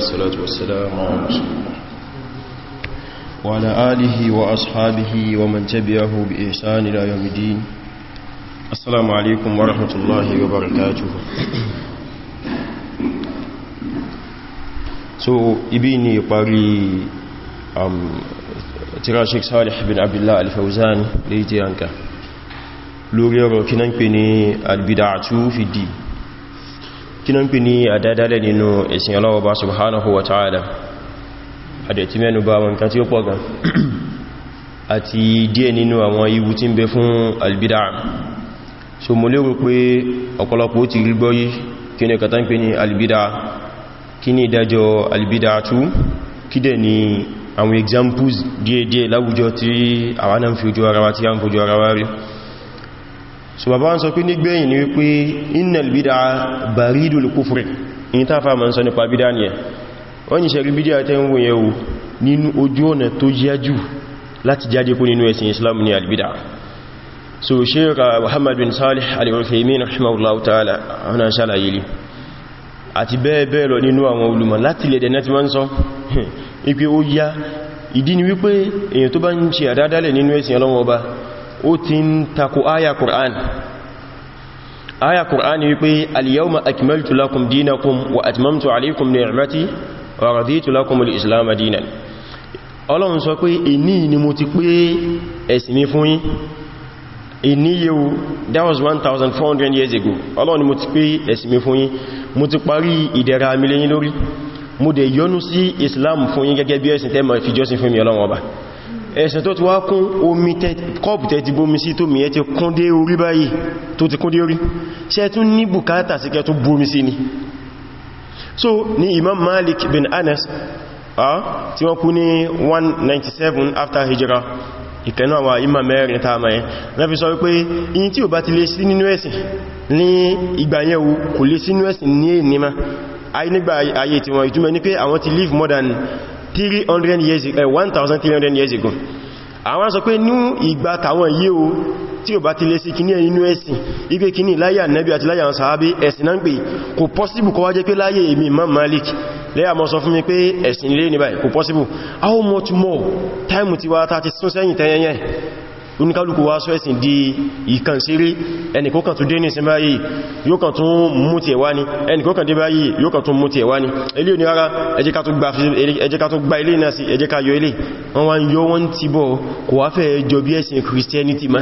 والصلاة والسلام على رسول الله وعلى آله وأصحابه ومن تبعه بإحسان إلى يوم الدين السلام عليكم ورحمة الله وبركاته so ibini pari ìparí um, tírà Sheikh Salih bin Abdullah al-Fawzan lè jẹ́ yanka lórí ọ̀rọ̀ kí pè ní fi kí náà ń pè ní àdádálẹ̀ nínú ẹ̀sìn Ọlọ́hun Ọba subhanahu wa ta'ala àdẹ̀tí mẹ́nu bá wọn kan tí ó pọ̀ gan àti díẹ̀ nínú àwọn iwu tí ń bẹ fún albida so mo lérò pé ọ̀pọ̀lọpọ̀ ti rí gbọ́yí kí ní kàtà ń pè ní albida kí ní ìdájọ́ albida tú ni àwọn examples díẹ̀díẹ̀ láwùjọ tí àwa náà ń fi ojú ara wa so bàbá wọn sọ pé nígbẹ̀yìn ni wípé innal bid'a baridul kufri in ta fa mọ́ sọ nípa bídá ni ẹ̀ wọ́n yìí ṣẹ̀rí bídá tẹ́ ń wò yẹ̀wò nínú ojú ọ̀nà tó yájú láti jáde kó nínú ẹ̀sìn islam ni albida so ṣeéra muhammad salih al-Uthaymin rahimahullahu ta'ala ọ̀nà ṣàlàyé lè àti bẹ́ẹ̀ bẹ́ẹ̀ lọ nínú àwọn olùmọ̀ láti lè dẹ̀nà tí wọ́n sọ ipé ó yá ìdí ni wípé èyàn tó ó ti ń takò áyà Qur'an áyà Qur'an wípé al-yawma akmaltu lakum dinakum wa atmamtu alaykum ni'mati wa raditu lakum al-islam dinan Ọlọ́run sọ pé ìní ni mo ti pé ẹ̀sìn mi fún yín ìní yíò that was 1400 years ago Ọlọ́run ni mo ti pé ẹ̀sìn mi fún yín mo ti parí ìdẹ̀ra mi lé yín lórí mo dẹ̀ yọ́nú sí Islam fún yín gẹ́gẹ́ bí ẹ̀sìn tẹ́ ma fi fún mi Ọlọ́run ọba ẹ̀ṣẹ̀ tó ti wá kún omi kọ́pù tẹ́ ti bomi sí tó mi ẹ ti kún dé orí báyìí tó ti kún dé orí ṣe tún ní bùkátà sí kẹ́ tún bomi sí ni so ni Imam Malik bin Anas tí wọ́n kú ní 197 after hijra ìkẹ̀nú àwọn Imam mẹ́rin tàà mẹ́ rẹ̀ fi sọ wípé in tí ò bá ti lè sí nínú ẹ̀sìn ní ìgbàyẹ̀wò kò lè sínú ẹ̀sìn ní ènìyàn ayé nígbà ayé tí wọ́n ìtumọ̀ ní pé àwọn ti live more than 300 years ago 1300 eh, years ago àwọn sọ pé ní ìgbà tàwọn yí o tí ò bá ti lè sí kìíní ẹ̀yìnú ẹ̀sìn ipé kìíní láyé ànẹ́bí àti láyé àwọn sàábí ẹ̀sìn náà ń pè kò pọ́síbù kọwàá jẹ́ pé láyé èmi Imam Malik lẹ́yà mọ́ sọ fún mi pé ẹ̀sìn lé ní báyìí kò pọ́síbù how much more time ti wá ta ti sún sẹ́yìn tẹ́yẹyẹ oníkálùkù wá sọ ẹ̀sìn di ìkàn sírí ẹnìkókàn tó dé ní ìsinmi báyìí yóò kàn tún mú ti ẹ̀wá ni ẹnìkókàn dé báyìí yóò kàn tún mú ti ẹ̀wá ni ilé òní rárá ẹ jẹ́ ká tó gba ilé náà sí ẹ ká yọ ilé wọ́n wá ń yọ wọ́n ti bọ̀ kò wá fẹ́ jọ bí ẹ̀sìn Christianity ma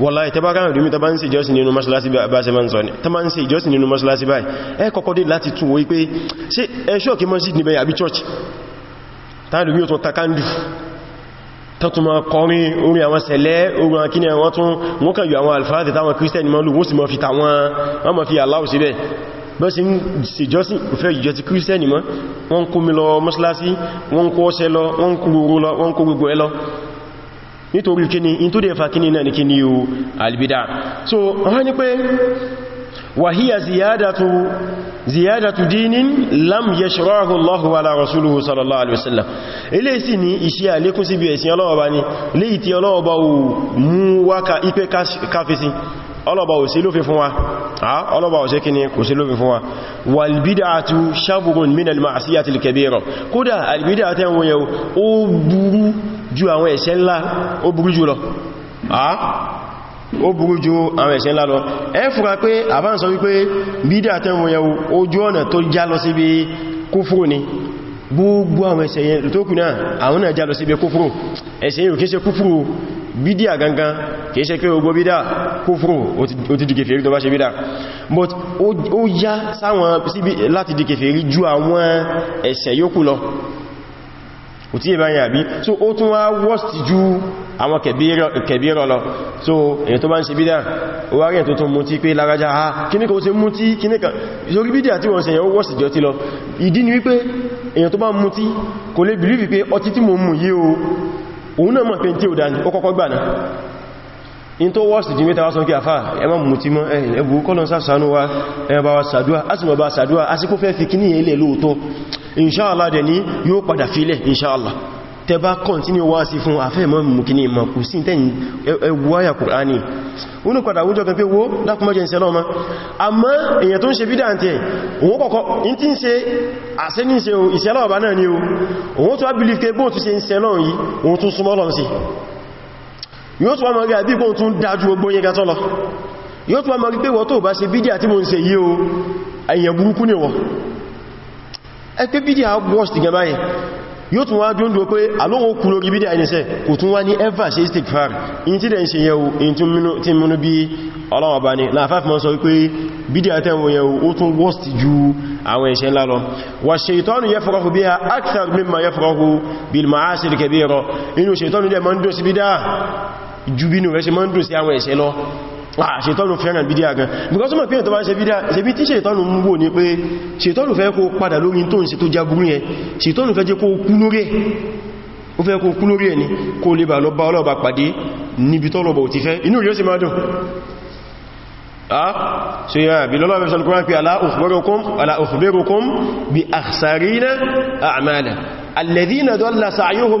wọ́lá ìtẹ́bá káàrùn ìdúmí tàbá ń ṣe ìjọsìn nínú mọ́ṣálásí bá ṣe máa ń sọ ní tàbá ń ṣe ìjọsìn nínú mọ́ṣálásí báyìí ẹ kọ́kọ́ church tàbí yóò tún tọ́tún ma kọrin orin àwọn sẹ̀lẹ̀ orin àkíní àwọn tún wọ́n kàn yọ àwọn alfáàdì táwọn kírísítẹ̀ni ma wọ́n sì ma fi tàwọn wọ́n ma fi aláwọ̀ síbẹ̀ bọ́ sí ìjọsìn ìfẹ́ ìjọ ti kírísítẹ̀ni mọ́ in tó dẹ̀ وهي زيادة زيادة دين لم يشرعه الله ولا رسوله صلى الله عليه وسلم ilé sí ni iṣẹ́ àlékún síbi ẹ̀sìn ọlọ́ọ̀bá ní léyìí tí ọlọ́ọ̀bá ò mú wá ká ipé káfíṣí ọlọ́ọ̀bá ò sí ló fi fún wa ọlọ́ọ̀bá ò sí kí ni kò sí ló fi fún wa walbidatu shaburun min al-ma'siyati al-kabira kódà albida tẹ́ wọ́n yẹ ó burú ju àwọn ẹ̀ṣẹ̀ ńlá ó burú jù lọ ó burú ju àwọn ẹ̀ṣẹ̀ ńlá lọ ẹ fura pé àbá ń sọ wípé bídà tẹ́wọ̀n yẹn ojú ọ̀nà tó já lọ síbi kúfúrú ni gbogbo àwọn ẹ̀ṣẹ̀ yẹn tó kù náà àwọn náà já lọ síbi kúfúrú ẹ̀ṣẹ̀ yìí kìí ṣe kúfúrú bídíà gangan kìí ṣe pé ogbó bídá kúfúrú ó ti di kèfèrí tó bá ṣe bídá but ó yá sáwọn síbi láti di kèfèrí ju àwọn ẹ̀ṣẹ̀ yókù lọ kò tí ìbá yàbí so ó tún wá worst ju àwọn kẹbírọ lọ so èyàn tó bá ń ṣe bídá ó wá rí ẹ̀ tó tún mú tí pé lárájá ha kíní kan ó ṣe mú tí kíní kan sórí bídá tí wọ́n ṣe yẹn ó worst jọ tí lọ ìdí ni wípé èyàn tó bá mú tí kò lè believe pé ọtí tí mo mú yí o òun náà mọ̀ pé tí ò dá ní ó kọ́kọ́ gbà náà in tó wa ẹ̀bà wa sàdúwà á sì mọ̀ bá sàdúwà inṣáàlá dẹ̀ ní yóò padà filẹ̀ inṣáàlá tẹba kọntíníò wá sí fún afẹ́ mọ́ mú kí ní ìmọ̀ kù sí tẹ́yìn ẹwúwáyà kùránì oní padà wújọ kan pé wó lápùmọ́jẹ́ ìṣẹ́lọ́ ọmọ àmá èyàn tó ń ṣe bídá àti ẹ̀ òun kọ̀kọ́ in tí ń ṣe àṣẹ́ ní ìṣẹ́lọ́ ọba náà ni o òun tó ábìlì pé bóò tún ṣe yóò tún wá wọ́n tó bá ṣe bídí àti mo ń ṣe yìí o burúkú ni ẹgbẹ́ bídí àwọn worst gan báyìí yóò tún wá dúndú pé alóhun kú lórí bídí àìníṣẹ́ kò tún wá ní ever ṣe istighfar in tí dẹ̀ ń ṣe yẹ̀wò in tí múnú bí ọlọ́wọ̀ ní láà fáfí mọ́ wípé bídí àtẹ́wò yẹ̀wò ó tún worst ju àwọn ẹ̀ṣẹ̀ ńlá lọ wà ṣètọ́nù yafrahu biha akthar mimma yafrahu bil ma'asil kabira inú ṣètọ́nù dẹ̀ mọ́ ń dùn sí bídá ju bínú rẹ̀ ṣe mọ́ ń dùn sí àwọn ẹ̀ṣẹ̀ lọ Ah, ṣètọ́nù fẹ́ràn bídíà gan because mọ̀ pé ètò bá ń ṣe bídíà ṣe bí tí ṣètọ́nù ń wò ní pé ṣètọ́nù fẹ́ kó padà lórí tó ń ṣe tó jagun yẹn ṣètọ́nù fẹ́ jẹ́ kó kú lórí ẹni kó lè bà lọ bá ọlọ́ọ̀bà pàdé níbi tọ́lọ̀bọ̀ ti fẹ́ inú yóò sì máa dùn so ah, yá ah, bí lọ́lọ́wọ́ sọ lọ́kọ́ pé alá ukhbirukum bí akhsarina a'mala alladhina dalla sa'yuhum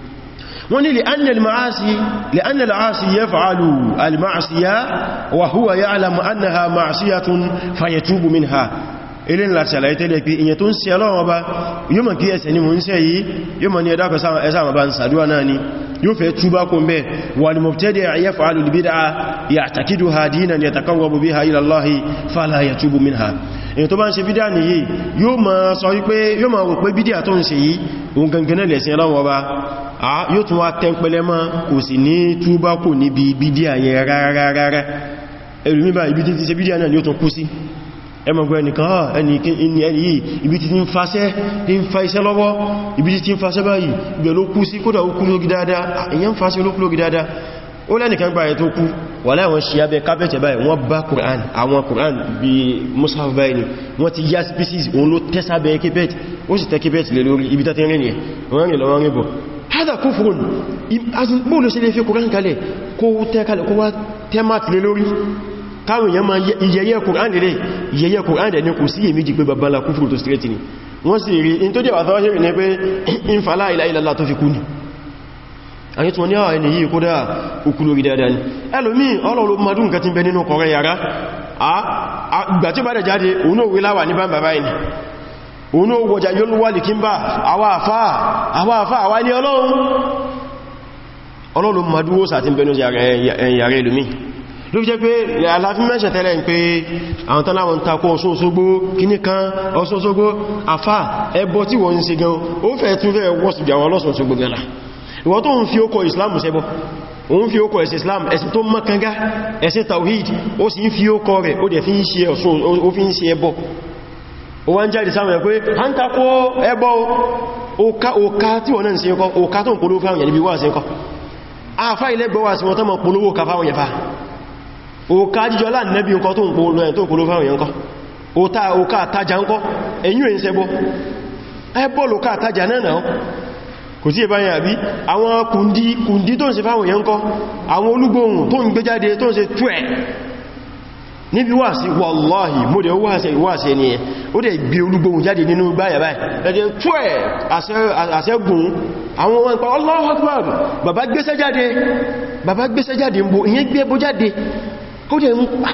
wọ́n ní لأن العاصي يفعل المعصية وهو يعلم أنها معصية فيتوب منها ilé ńlá ti àlàyé tẹ́lẹ̀ pé ìyẹn tó ń ṣe ọlọ́wọ́ bá yóò mọ̀ kí ẹsẹ̀ ni mo ń ṣe yìí yóò mọ̀ ní ẹ̀dá ẹ̀sàmà bá ń sàdúwà náà ni yóò fẹ́ túbá kún bẹ́ wal mubtadi' yaf'alu al-bid'a ya'taqiduha dinan yataqawwabu biha ila Allahi fala yatubu minha èyí tó bá ń ṣe bídá nìyí yóò mọ̀ sọ wípé yóò mọ̀ wò pé bídá tó ń ṣe yìí òun gangan lẹ̀sìn ọlọ́wọ́ bá Ah, yóò tún wá tẹ́ńpẹ́lẹ́ mọ́ kò sì ní túbá kò níbi bídíà yẹn rárárárá ẹlùmíbà ibi tí ti ṣe bídíà náà ni ó tún kú sí ẹmọ̀gbọ́ ẹnìkan ha ah, ẹni yìí ibi tí ń fàṣẹ́ ń fa iṣẹ́ lọ́wọ́ ibi tí ń fàṣẹ́ báyìí ibẹ̀ ló kú sí kódà ó kú lógi dáadáa èyàn ah, fàṣẹ́ ló kú lógi dáadáa wọ́n ti yá species òun ló tẹ́sàbẹ̀ kébẹ̀t ó sì tẹ́ kébẹ̀t lè lórí ibi tẹ́tẹ́ rìn rìn rìn lọ́wọ́ rìn bọ̀ Hada kúfùrùn bóòlù sí ilé fi kùrán kalẹ̀ kó tẹ́kalẹ̀ kó wá tẹ́màtì lé lórí káwọn èèyàn ma ìyẹyẹ kùrán lè ìyẹyẹ kùrán dẹ̀ ní kò sí èmì jì pé babbala kúfùrù tó straight ni wọ́n sì rí in tó jẹ́ wà tọ́wọ́ ní pé in fàlá ilá ilá tó fi kú ni àyí tí wọ́n ní àwọn ah, ẹni yìí kó dá òkú ni ẹlòmí ọlọ́rọ̀ òun ó wọjà yóò wà lè kí ń bá àwà àfáà àwà àfáà àwà ilé ọlọ́run ọlọ́run madúwó sàtí ń bẹnu yàrá ìlúmí ló fi jẹ́ pé aláfí mẹ́ṣẹ̀ tẹ́lẹ̀ ń pé àwọn tán takọ ọ̀ṣọ́ṣogbó kíní kan ọ̀ṣọ́ṣogbó òun fi ókọ̀ ẹ̀sìn islam ẹ̀sìn tó mọ́kànga ẹ̀sìn tawhid ó sì ń fi ókọ̀ rẹ̀ ó dẹ̀ fi ń ṣe ẹbọ ó wá ń jáde sáwọn ẹ̀ pé a ń takó ẹbọ òká tí wọ́n náà sí ẹkọ́ òká tó ń polówó fáwọn ìyàníbí wà sí ẹkọ́ àfá ilẹ̀ gbọ́wà sí wọ́n tó mọ̀ polówó ká fáwọn ìyàfá òká jíjọ láàrínẹ́bí nǹkan eh, tó ń polówó fáwọn ìyànkọ́ òká àtajà ńkọ́ ẹ̀yìn ẹ̀ ń sẹ́bọ́ ẹbọ́ lòká àtajà náà náà kò sí ẹbá yẹn àbí àwọn kùndí tó ń ṣe fáwọn ìyànkọ́ àwọn olúgbóhùn tó ń gbé jáde tó ń ṣe níbi wà sí wàláhì mú dẹ̀ wà sí ẹni ẹ̀ ó dẹ̀ gbé olúgbóhun jáde nínú báyà báyìí lẹ́dẹ̀ fún ẹ̀ àṣẹ́gùn àwọn wọn pa Allahu Akbar bàbá gbéṣẹ́ jáde bàbá gbéṣẹ́ jáde ń bo ìyẹn gbé bó jáde ó dẹ̀ ah. ń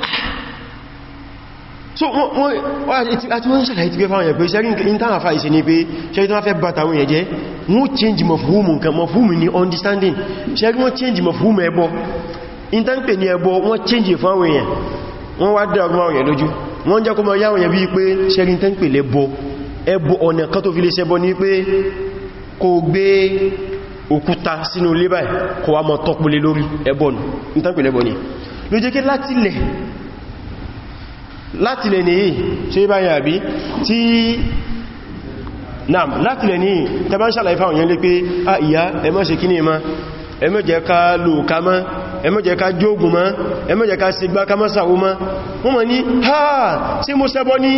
pàá wọ́n change mọ̀fúhùmù nǹkan mọ̀fúhùmù ni understanding ṣe rí wọ́n change mọ̀fúhùmù ẹbọ in tán pè ní ẹbọ wọ́n change fún àwọn èèyàn wọ́n wá dẹ̀ ọgbọ́n rẹ̀ lójú wọ́n jẹ́ kó mọ̀ yáwọn yẹ̀ bí pé ṣẹ́rin tẹ́ ń pè lẹ́bọ ẹbọ ọ̀nà kan tó fi lè ṣẹbọ ní pé kó gbé òkúta sínú ilé báyìí kó wá mọ́ tọ́pùlé lórí ẹbọ ní tẹ́ ń ma ẹ má jẹ́ ká lòkà mọ́ ẹ má jẹ́ ká jógun mọ́ ẹ má jẹ́ ká sígbá ká mọ́ wọ́n mọ̀ ní ha tí mo sẹ́bọ́ ní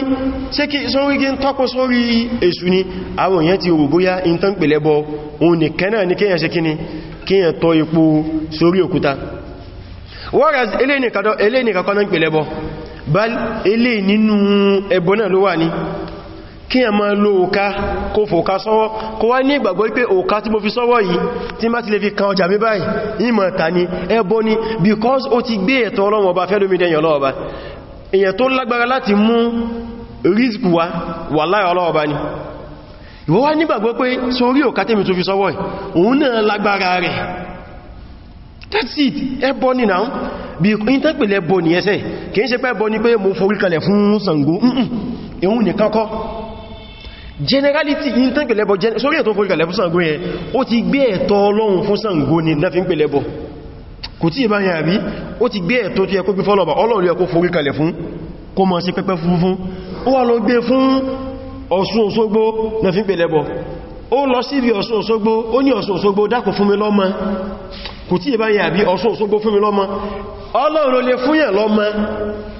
ṣé kí sórí gí ń tọ́kọ sórí èṣù ni àwọn èèyàn ti rò bóyá in tán pèlẹ́ bọ òun nìkan náà ni kéèyàn ṣe kíni kéèyàn tọ́ epo sórí òkúta ní kí ẹ máa lo òká kó fòká sọ́wọ́ kó wá ní ìgbàgbọ́ pé òká tí mo fi sọ́wọ́ yìí tí má ti lè fi kan ọjà mi báyìí ìmọ̀ ta ni ẹbọ ni because ó ti gbé ẹ̀tọ́ ọlọ́wọ́ ọba fẹ́lómídẹ́yàn ọlọ́ọba èyàn tó lágbára láti mú rízkù wá wà láì ọlọ́ọba ni ìwọ that's it ẹbọ now bí i tán pèlẹ̀ ẹbọ ni ẹsẹ̀ kìí ṣe pé ẹbọ ni pé mo forí kalẹ̀ generality in tán pẹ̀lẹ́bọ̀ sórí ẹ̀tọ́ fún ìkàlẹ̀bọ̀ Ṣàngó yẹn ó ti gbé ẹ̀tọ́ Ọlọ́run fún Ṣàngó ni náà fi ń pẹ̀lẹ́bọ̀ kò tí ìbá yà rí ó ti gbé ẹ̀tọ́ tó yẹ kó gbé fọ́lọ̀bà Ọlọ́run yẹ kó forí kalẹ̀ fún kó mọ́ sí pẹ́pẹ́ funfun ó wà lọ gbé fún Ọ̀ṣun Òṣogbo náà fi ń pẹ̀lẹ́bọ̀ ó lọ sí ibi Ọ̀ṣun Òṣogbo ó ní Ọ̀ṣun Òṣogbo dákò fún mi lọ́mọ kò tí ìbá yà rí Ọ̀ṣun Òṣogbo fún mi lọ́mọ Ọlọ́run ló lè fún yẹn lọ́mọ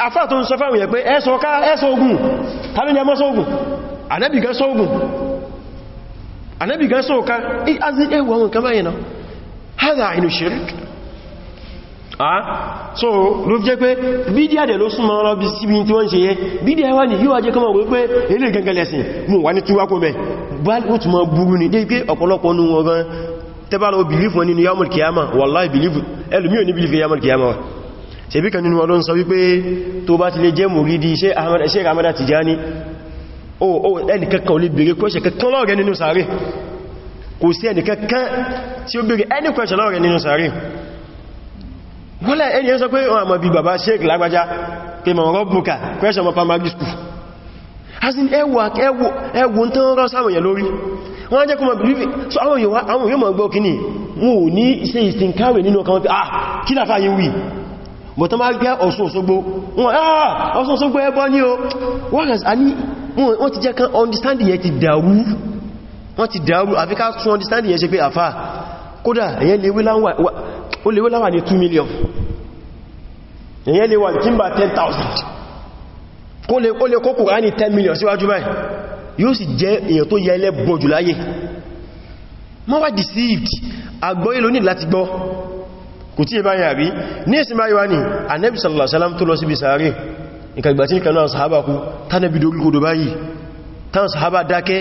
afá tó ń sọ fáwọn yẹ pé ẹsọ ká ẹsọ ogun tàbí ẹmọ́ sọ ogun Ànábì gan sọ ogun Ànábì gan sọ ká azí ẹwọ ohun kan báyìí náà hádà inú shirik so ló fi jẹ́ pé bídíà dẹ̀ ló súnmọ́ ọ́rọ́ bí síbi tí wọ́n ṣe yẹ bídíà wà ní yíwá jẹ́ kọmọ̀ wípé ilé gẹngẹlẹ̀sìn mú wà ní túwákó mẹ́ bá ó túnmọ̀ burú ní dé pé ọ̀pọ̀lọpọ̀ tẹ́bàlọ́ bìlífù wọn nínú kìyàmà bìlífù ẹlùmí ò wa ṣe bí kan nínú wọn ló ń sọ wípé tó bá ti lè jẹ́ mùrídí Sheikh Ahmad Tijani o o ẹnìkankan ò lè bèèrè kọ́ṣẹ̀ kankan lọ́rẹ̀ nínú sàárè kò sí ẹnìkankan tí ó bèèrè ẹni kọ́ṣẹ̀ lọ́rẹ̀ nínú sàárè wọ́n lẹ́ ẹni yẹn sọ pé wọ́n àmọ́ bí bàbá Sheikh lágbàjá pé mọ̀ rọ́bùkà kọ́ṣẹ̀ mọ́ primary school asin ẹwà ẹwùn tó ń rọ́ so àwọn yóò mọ̀ gbọ́ kíní wọn ò ní ṣe ìsìnkáwẹ̀ nínú ọkàn ah kí láfáà yìí bọ̀ tó máa gẹ́ Ọ̀ṣun Òṣogbo wọn ah Ọ̀ṣun Òṣogbo ẹbọ ní o whereas a ní wọ́n ti jẹ́ kan understanding yẹ ti dàrú wọ́n ti dàrú àfíká tún understanding yẹ ṣe pé àfá kódà èyẹ lewé láwà ní 2 million èyẹ lewà kímbà 10,000 kó lè kó Kùránì 10 million síwájú báyìí yóò sì jẹ́ èyàn tó yẹ ẹlẹ́bọ̀ jù láyé má wá deceived àgbọ́yé lónìí láti gbọ́ kò tí ìbá yàrí ní ìsìn báyìí wá ní anẹ́bì sallallahu alaihi wasallam tó lọ síbi sàárè ìkàgbà tí kanáà sàhábà kú tánàbí dorí kodò báyìí tán sàhábà dákẹ́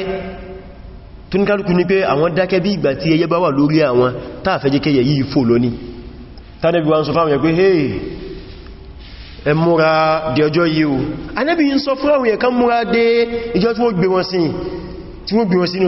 tó ní kálùkù ní pé àwọn dákẹ́ bí ìgbà tí ẹyẹ bá wà lórí àwọn táàfẹ́jẹ́kẹ́yẹ yìí hey ẹ múra dé ọjọ́ yìí o anẹ́bì ń sọ fáwọn yẹn kan múra dé ìjọ tí wọ́n gbé wọn sí tí wọ́n gbé wọn sínú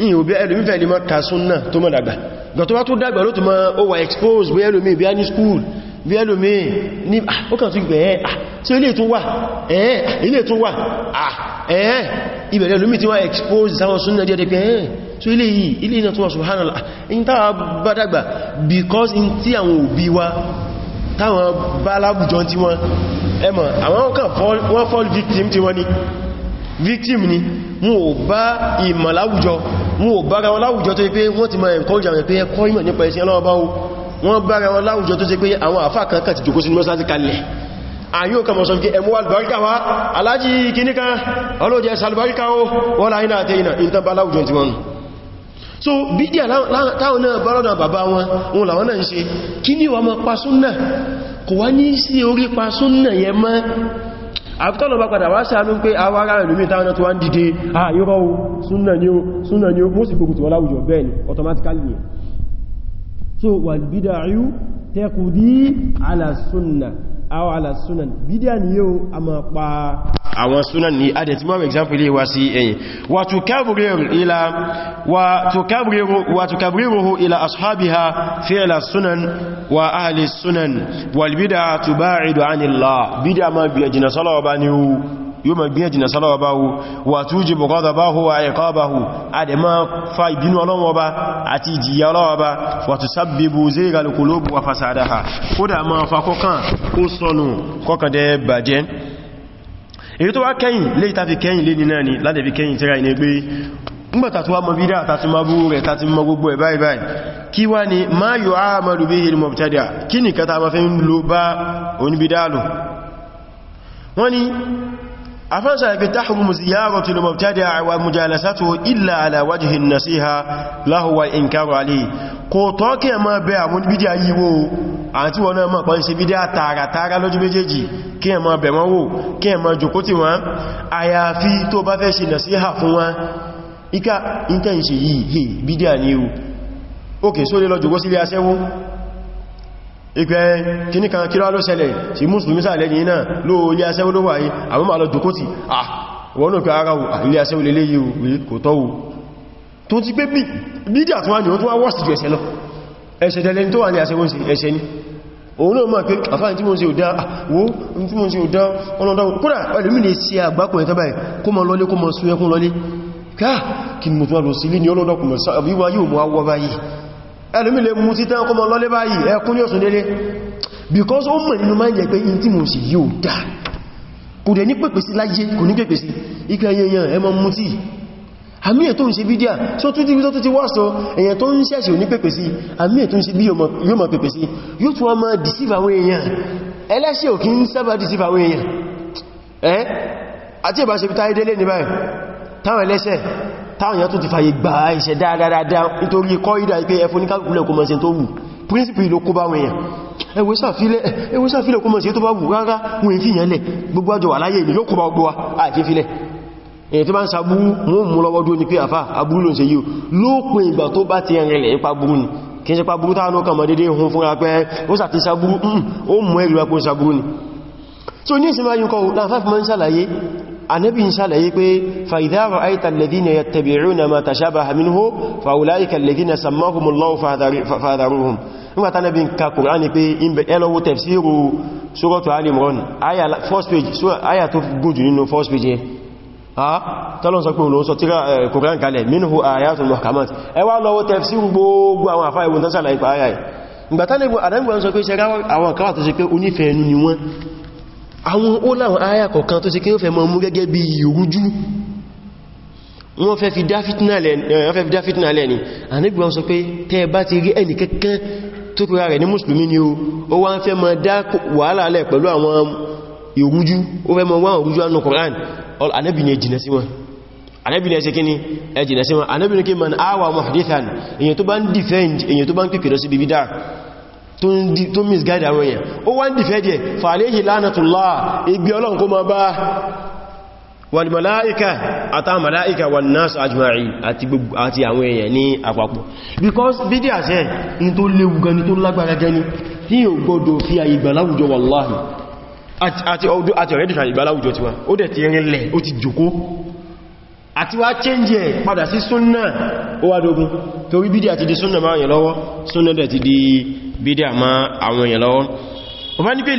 ìyìn òbí ẹlòmí fẹ́ lè mọ́ ka súnnà tó mọ́ dàgbà gan tó bá tó dàgbà ló tó mọ́ ó expose bí ẹlòmí bí a ní school bí ẹlòmí ní ó kàn tún gbẹ̀ ẹ́ tí ilé tó wà ẹ́ ilé tó wà ẹ́ ibẹ̀rẹ̀ ẹlòmí tí wọ́n expose sáwọn súnnà díẹ̀ pé ẹ́ tó ilé yìí ilé iná tó wà subhanallah in táwà bá dàgbà because in tí àwọn òbí wa táwọn bá lábùjọ tí wọ́n àwọn kan wọ́n fall victim tí wọ́n ni victim ni wọn ò bá ìmọ̀ wọn ò bára wọn láwùjọ tó pé wọ́n ti máa encourage àwọn pé ẹkọ́ ìmọ̀ nípa ẹ̀sìn Ọlọ́run bá wọ́n bára wọn láwùjọ tó pé àwọn àfà kan kàtì jòkó sínú mọ́sáàtì kalẹ̀ àyíò kàmọ̀ sọ pé ẹmú albarika alájí kìníkà ọlọ́jẹ́ salbarika ó wọ́n láyínà àtẹ́yìnà ìntàn bá láwùjọ tí wọ́n so bí díà táwọn náà bọ́lọ́dà bàbá wọn wọn làwọn náà ń ṣe kí ní wà mọ́ pasúnnà kò wá ní sí orí pasúnnà yẹ àbútọ́nà bá padà wá sàánú pé àwọn ará ìlú mìta ọ̀nà tó wá ń dìde àyíkọ́ ah, súnà ni ó mú sí gbogbo wọ́n láwùjọ bẹ́ẹ̀ ni automatically ni so wal bid'u taqdi ala sunnah aw ala sunan bidia ni yo a ma pa àwọn sunan ni a dẹ̀ tí mọ́ example lè wá sí ẹ̀yìn wa tukabriruhu ila ashabiha fi'la sunan wa ahli sunan wal bid'a tuba'idu anillah bidia ma biya jina sọ́lọ̀ ọba ni yóò ma gbíyànjì na sálọ́wà bá hu wà tó jì bọ̀gọ́dà bá hu àìkọ́ bá hu a dẹ̀ máa fa ìbínú ọlọ́wọ́ bá àti ìjìyà ọlọ́wọ́ bá wà tó sábẹ̀bù zígal kulubu wa fasada ha ó dà máa fa kọ́kàn ó sọnù kọ́kàn dẹ̀ bàjẹ́ èyí tó wá kẹ́yìn lè tàfi kẹ́yìn lè nínà ni ládẹ̀bí kẹ́yìn tíra bú rẹ̀ tàti wọ́n ni afẹ́sà ẹgbẹ́ táhùrùmù ziyarọ̀ tí lọ mọ̀tẹ́dẹ̀ àwà mujalasatu illa ala wajhin nasiha láhùwà inkaru alì kò tọ́ kí ẹ máa bẹ àwọn bídíà yíwó àti wọn náà mọ̀ pọ̀n sí bídíà tààràtààrà lójú méjèèjì kí ẹ máa bẹ wọn wò kí ẹ máa jòkó tì wọn àyàfi tó bá fẹ́ ṣe nasiha fún wọn ika intanṣe yìí bídíà ni ìpẹ́ kìní kan kí ló ṣẹlẹ̀ sí mùsùlùmí sáà lẹ́yìn náà ló ilé aṣẹ́wó ló wà yìí àwọn ma lọ jùkó tí à ah, wọ́n náà kí ara ah, ilé aṣẹ́wó lè léyìí rí kò tọ́wò tó ti pé bídí àtúnwà ní ó tún wá wọ́sì ju ẹ̀ṣẹ̀ lọ ẹ̀ṣẹ̀ tẹ́lẹ̀ tó wà ní aṣẹ́wó ni òun náà máa pé àfáà tí mo ń ṣe ò dá ah, wo tí mo ń ṣe ẹlùmí lè mú títẹ́ ọkọ́ mọ́ lọ́lé báyìí ẹkún ní òsùn délé because ó mọ̀ nínú máa ń jẹ pé in tí mo sì yíò dá kò dẹ̀ ní pèpè sí láyé kò ní pèpè sí ikẹ́ ẹyẹyàn ẹmọ mú tí àmì ètò ń ṣe bí díà tí ó tún tí tó ti wá sọ èyàn tó ń ṣẹ̀ṣẹ̀ òní pèpè sí àmì ètò ń ṣe bí yóò mọ̀ pèpè sí yóò tún ọmọ dìsífà àwọn èèyàn ẹlẹ́ṣẹ̀ ò kí ń sábà dìsífà àwọn èèyàn ẹ́ àti ìbáṣepítà ìdélé ní báyìí táwọn ẹlẹ́ṣẹ̀ táwọn èèyàn tó ti fàyè gbà iṣẹ́ dáadáa nítorí kọ́ ìdá ipé ẹfún ní kálùkùlẹ̀ kó mọ̀ sí tó wù príncipì ló kó bá wọn èèyàn ẹwẹ́ sàfílẹ̀ kó mọ̀ sí tó bá wù rárá wọn ìfìyàn lẹ̀ gbogbo àjọ aláyé ìlú yóò kó bá ọgbọ́ wa àìfífílẹ̀ èyí tí bá ń sàbú wọn mú ṣe yíò pa burú táwọn ọkà mọ̀ dédé hun fúnra pé ó sàti sàbúrú mm, mm. ó mú ẹgbẹ̀rẹ̀ pé sàbúrú ni so ní ìsinmi ayúkọ láàfáà fi mọ́ ń sàlàyé anábi ń ṣàlàyé pé fàìdára àìtàlẹ̀dí na ya tàbíru na mata ṣába haminhu fàúláìkàlẹ̀dí na sammahumullahu fàdaruhun nígbàtà nábi ka kùránì pé ìbẹ̀ ẹlọ́wọ́ tafsiru suratu alimron aya tó gùnjù nínú first page tọ́lọ́n sọ pé òun sọ tíra eh, kùrán kalẹ̀ minhu ayatul muhkamat ẹwà lọ́wọ́ tafsiru gbogbo àwọn àfáà ìwọ̀n tán sàlàyé pàáyà ìgbàtà lẹ́gbọ́n àdágbọ́n sọ pé ṣe àwọn ó láwọn ayà kọ̀kan tó ṣe kí ó fẹ́ mọ́ mú gẹ́gẹ́ bí ìrújú wọ́n fẹ́ fi dá fitna lẹ́ni ànígbà wọ́n sọ pé tẹ́ bá ti rí ẹni kẹ́kẹ́ tó pèrà rẹ̀ ní mùsùlùmí ni ó wá ń fẹ́ mọ́ dá wàhálà alẹ́ pẹ̀lú àwọn ìrújú ó fẹ́ mọ́ wá ìrújú anú Qur'an anẹ́bìnrin jìnà sí wọn ni ẹjìnà sí wọn anẹ́bìnrin kí man awa muhdithan èyàn tó bá ń tó misguide àwọn èèyàn ó wá ń dìfẹ́ díẹ̀ fàáléhì lánàtùláà igbe ọlọ́run kó ma bá wal màláíkà àtà màláíkà wal nas ajma'i àti àwọn èèyàn ní àpapọ̀ because bídí àṣẹ in tó léwu gani tó lágbára gani tí yíò gbọdọ̀ fi àyè ìgbàláwùjọ wallahi àti ọ̀rẹ́dì fàyè ìgbàláwùjọ tiwa ó dẹ̀ ti rinlẹ̀ ó ti jòkó àti wá change ẹ̀ padà sí súnnà ó wá dogun torí bídí àti di súnnà máa yẹ̀ lọ́wọ́ súnnà dẹ̀ ti di bídí àmá àwọn èèyàn lọ́wọ́ wọ́n ní pé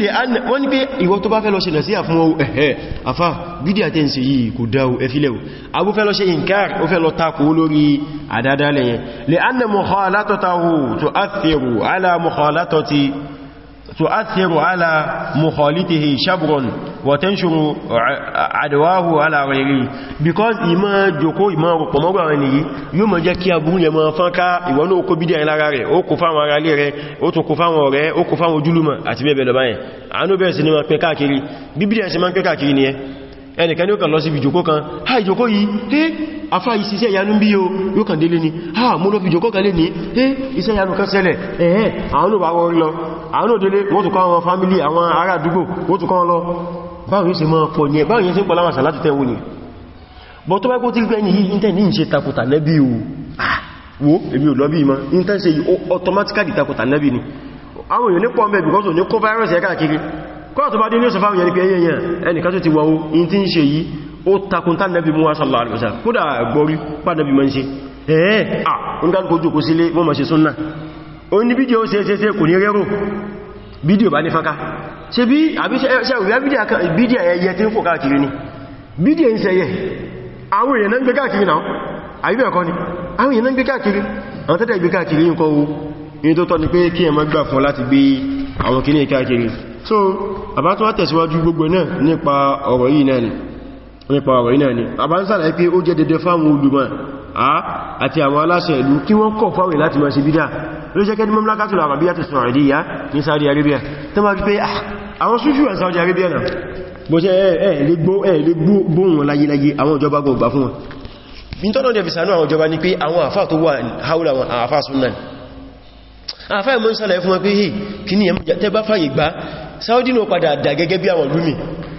wọ́n ní pé ìwọ tó bá fẹ́ lọ ṣe nà sí àfún ọwọ́ ẹ̀ẹ́ àfá bídí àtẹ́ ìsẹ̀ yìí kò dáwò ẹfílẹ̀ abú fẹ́ lọ ṣe inkar ó fẹ́ lọ takò lórí àdádálẹ̀ yẹn lè annà mọ̀kọ́ alátọ́ta hù tó áfẹ́rù alámọ̀kọ́ alátọ́ti تؤثر على مخالطه شبرا وتنشر عدواه على غيره because ima joko ima ropo mo gba ni yóò máa jẹ́ kí abun ye ma fan ka ìwọ náà ko bidia lára rẹ̀ ó kó fáwọn ará ilé rẹ̀ ó tún kó fáwọn ọ̀rẹ́ ó kó fáwọn ojúlùmọ̀ àti bẹ́ẹ̀ bẹ́ẹ̀ lọ báyẹn anu be se ni ma pe káàkiri se ma pe káàkiri ni e ẹnìkan ní ó kàn lọ sí ìjòkó kan ha ìjòkó yìí he? afá ìsìsẹ́ ìyanu bí o yóò kàn délé ni ha mú ló fi ìjòkó kan lé ní eh iṣẹ́ ìyanu kan ṣẹlẹ̀ ẹ̀ẹ́ àwọn òbá wọn lọ àwọn òdélé wọ́n tún kọ́ àwọn fámílì àwọn ará àdúgbò wọ́n tún kọ́ lọ báwọn yóò ṣe mọ́ pọ̀ ní ẹ̀ báwọn ni bọ́ tó bá kó tí gbẹ́ ní yìí tẹ́ ní ìṣe takùtà lẹ́bí o wo èmi ò lọ ni àwọn èèyàn ní pọ̀ kọ́ọ̀tù bá dé ní ọ̀sọ̀fà òyìn pé ẹyẹyẹn ẹnìkan tó ti wọ́wó in tí ń ṣe yìí ó takunta nẹ́bí mú sallallahu alaihi wasallam kódà gbọ́rí pàdàbí mọ́ ṣe ẹ̀ẹ́ à oníkàlùkò jù kó sílé wọ́n mọ̀ ṣe súnnà ó ní fídíò ṣe ṣe ṣe kò ní rẹ́rò fídíò ni fídíò ń ṣẹyẹ àwọn èèyàn ń gbé káàkiri náà àyíbẹ̀ ẹ̀kọ́ ni àwọn èèyàn ń gbé káàkiri àwọn tẹ́tẹ̀ gbé káàkiri yìí kọ́ wo ní tó tọ́ káàkiri so àbá tó wá tẹ̀síwájú gbogbo náà nípa ọ̀rọ̀ yìí náà ni nípa ọ̀rọ̀ yìí náà ni àbá ń sàlàyé pé ó jẹ́ dédé fáwọn olùmọ̀ àti àwọn aláṣẹ ìlú kí wọ́n kọ̀ fáwọn láti máa ṣe bídá ló jẹ́ kẹ́dí mamlakatul arabiyatus saudiya ní Saudi Arabia tó máa fi pé ah, àwọn súnjú Saudi Arabia náà bó ṣe eh, eh, ẹ̀ lè gbóhùn láyéláyé àwọn ìjọba gbogbo fún wọn nítọ́nà dẹ̀ fi sànú àwọn ìjọba ní pé àwọn àfá tó wà haúlà wọn àfá súnnà àfá kí ni tẹ bá fàyè gbá Saudi náà padà dà gẹ́gẹ́ bí àwọn lumi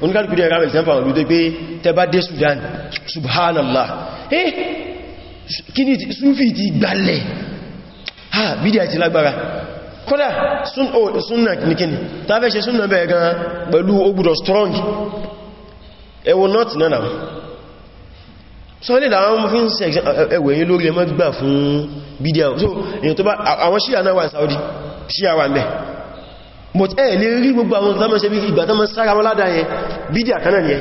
oníkàlùkù dẹ̀ ramẹ̀ ìsẹ́mfà àwọn olùdó pé tẹba dé Sudan subhanallah eh kí ni sufi ti gbalẹ̀ ha bídíà ti lágbára kódà súnnà kìnnìkìnnì tàbí ṣe súnnà bẹ̀ẹ̀ gan pẹ̀lú ogudọ̀ strong ẹwọ north náà sọ́lẹ̀ àwọn fi ń ṣe ẹwẹ̀ yìí lórí ẹmọ́ gbà fún bídíà so èyàn tó bá àwọn ṣíyà náà wà Saudi ṣíyà wà mẹ́ but ẹ eh, lè rí gbogbo àwọn tó mọ́ṣe bí ìgbà tó mọ́ sára wọn ládá yẹn bídí àkánà ni ẹ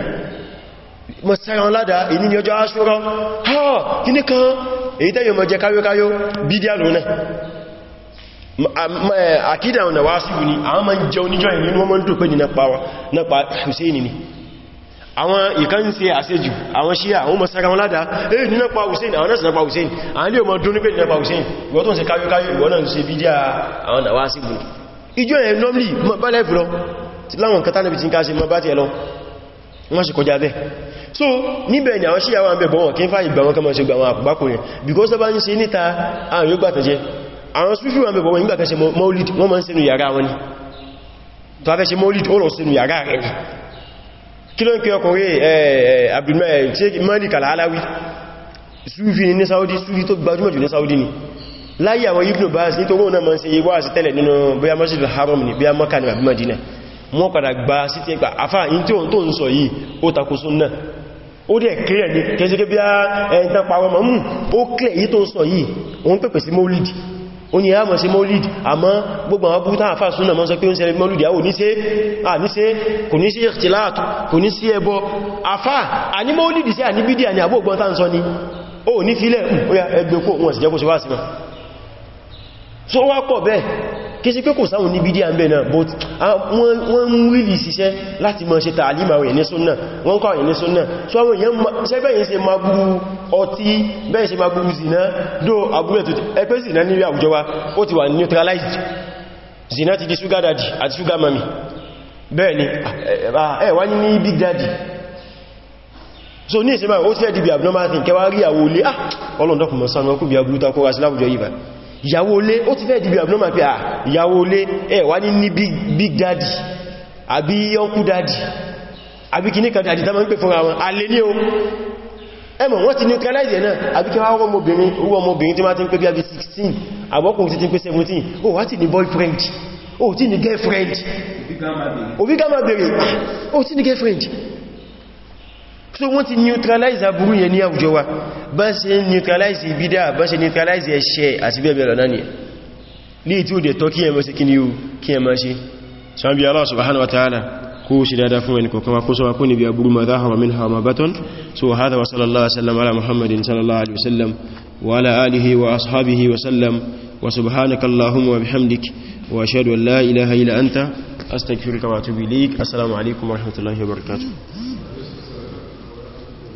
mọ́ sára wọn ládá èyí ni ọjọ́ aṣúrọ́ ha kíní kan èyí tẹ́yọ mọ́ jẹ káyókáyó bídí àlúnà àkídà ọ̀nà wá sí ní àwọn mọ́ jẹ oníjọ́ ìrìn wọ́n mọ́ ń dòpé ní nípa ni àwọn ìkan ṣe àṣejù àwọn ṣíyà àwọn ọmọ sára wọn ládá bídíà àwọn ìjọ ẹ̀ normally mọ̀ bá lẹ́fì lọ ti láwọn kátà níbi tí ń ká ṣe bá ti ẹ̀ wọ́n ṣe kọjá bẹ́ so níbẹ̀ ni àwọn síyàwó àbẹ̀bọ̀ wọn kí ń fàyè gbà wọn kọmọ̀ ṣe gbà wọn àpùpákò rẹ̀ because bá ń ṣe níta àwọn yóò gbàtẹ̀jẹ́ àwọn súfì wọn àbẹ̀bọ̀ wọn nígbàkan ṣe maulid wọ́n mọ́ sínú yàrá wọn ni tó afẹ́ ṣe maulid ó lọ sínú ni kí Saudi súfì tó gbajúmọ̀ jù Saudi ni láyé àwọn Ibn Baz nítorí òun náà ma ń ṣe iwá àti tẹ́lẹ̀ nínú bóyá Masjidul Haram ní bóyá Mọ́kà ní àbí Madina wọ́n padà gba sí ti ẹgbà afá in tí òun tó ń sọ yìí ó takò súnnà ó dẹ̀ kílẹ̀ ní kẹsíké bí ẹ̀ntàn pàwọ́ mọ̀ mú hmm, ó kílẹ̀ yìí tó ń sọ yìí òun pèpè sí Maulid ó ní àmọ̀ sí Maulid àmọ́ gbogbo àwọn búrúta àfà súnnà mọ́ sọ pé ó ń ṣẹlẹ̀ Maulid àwọn oníṣẹ́ kò ní sí ikhtilat ni ó ní fílẹ̀ ẹgbẹ̀kọ́ wọn sì jẹ́ so wá pọ̀ bẹ́ẹ̀ kí sí pé kò sáwọn ní bídí àmbẹ̀ náà but wọ́n ń wílì síṣẹ́ láti mọ́ ṣe tààlìmà rẹ̀ ní súnnà wọ́n kọ́ rẹ̀ ní súnnà so àwọn èèyàn sẹ́bẹ̀yìn ṣe ma gúrú ọtí bẹ́ẹ̀ ṣe ma gúrú zìná dó àbúrẹ̀ tó ẹgbẹ́ zìná ní àwùjọ wa ó ti wà neutralized zina ti di sugar daddy àti sugar mommy bẹ́ẹ̀ ni ẹ̀wà ní big daddy so ní ìsinmi ó ti ẹ̀ di bí abnormal thing kẹwàá rí àwò olè ah ọlọ́ndọ́kùnmọ̀ sánú ọkùnbí abúrúta kó wá sí láwùjọ yìí báyìí ìyàwó olé ó ti fẹ́ dìbì abnormal pé à ah, ìyàwó olé ẹ wá ní ní big daddy àbí uncle daddy àbí kì ní kan daddy tá ma ń pè fúnra wọn alé ní o ẹmọ̀ wọ́n ti neutralize náà àbí kí wọ́n ọmọbìnrin owó ọmọbìnrin tí wọ́n ti ń pè bí i 16 àbọ́kùnrin ti ń pè 17 ó wá ti ní boyfriend ó ti girlfriend òbí gámà ó ti ní girlfriend so wọ́n ti neutralize aburú yẹn ní àwùjọ wa bá ṣe neutralize ìbídá bá ṣe neutralize ẹ̀ṣẹ̀ àti bẹ́ẹ̀bẹ̀ẹ̀ lọ náà ni ní tí ó dẹ̀ tọ́ kí ẹmọ́ be lo nani ni ti o kí en mo se kini o ki en ma se so bi Allah subhanahu wa ta'ala ku shi da da fún en ko kama ku sọ wa ku ni bi aburú ma záhàrà min ha ma baton so hada wa sallallahu alaihi wasallam ala muhammadin sallallahu alaihi wasallam wa ala alihi wa ashabihi wa sallam wa subhanaka allahumma wa bihamdik wa ashhadu an la ilaha illa anta astaghfiruka wa atubu ilaik assalamu alaikum wa rahmatullahi wa barakatuh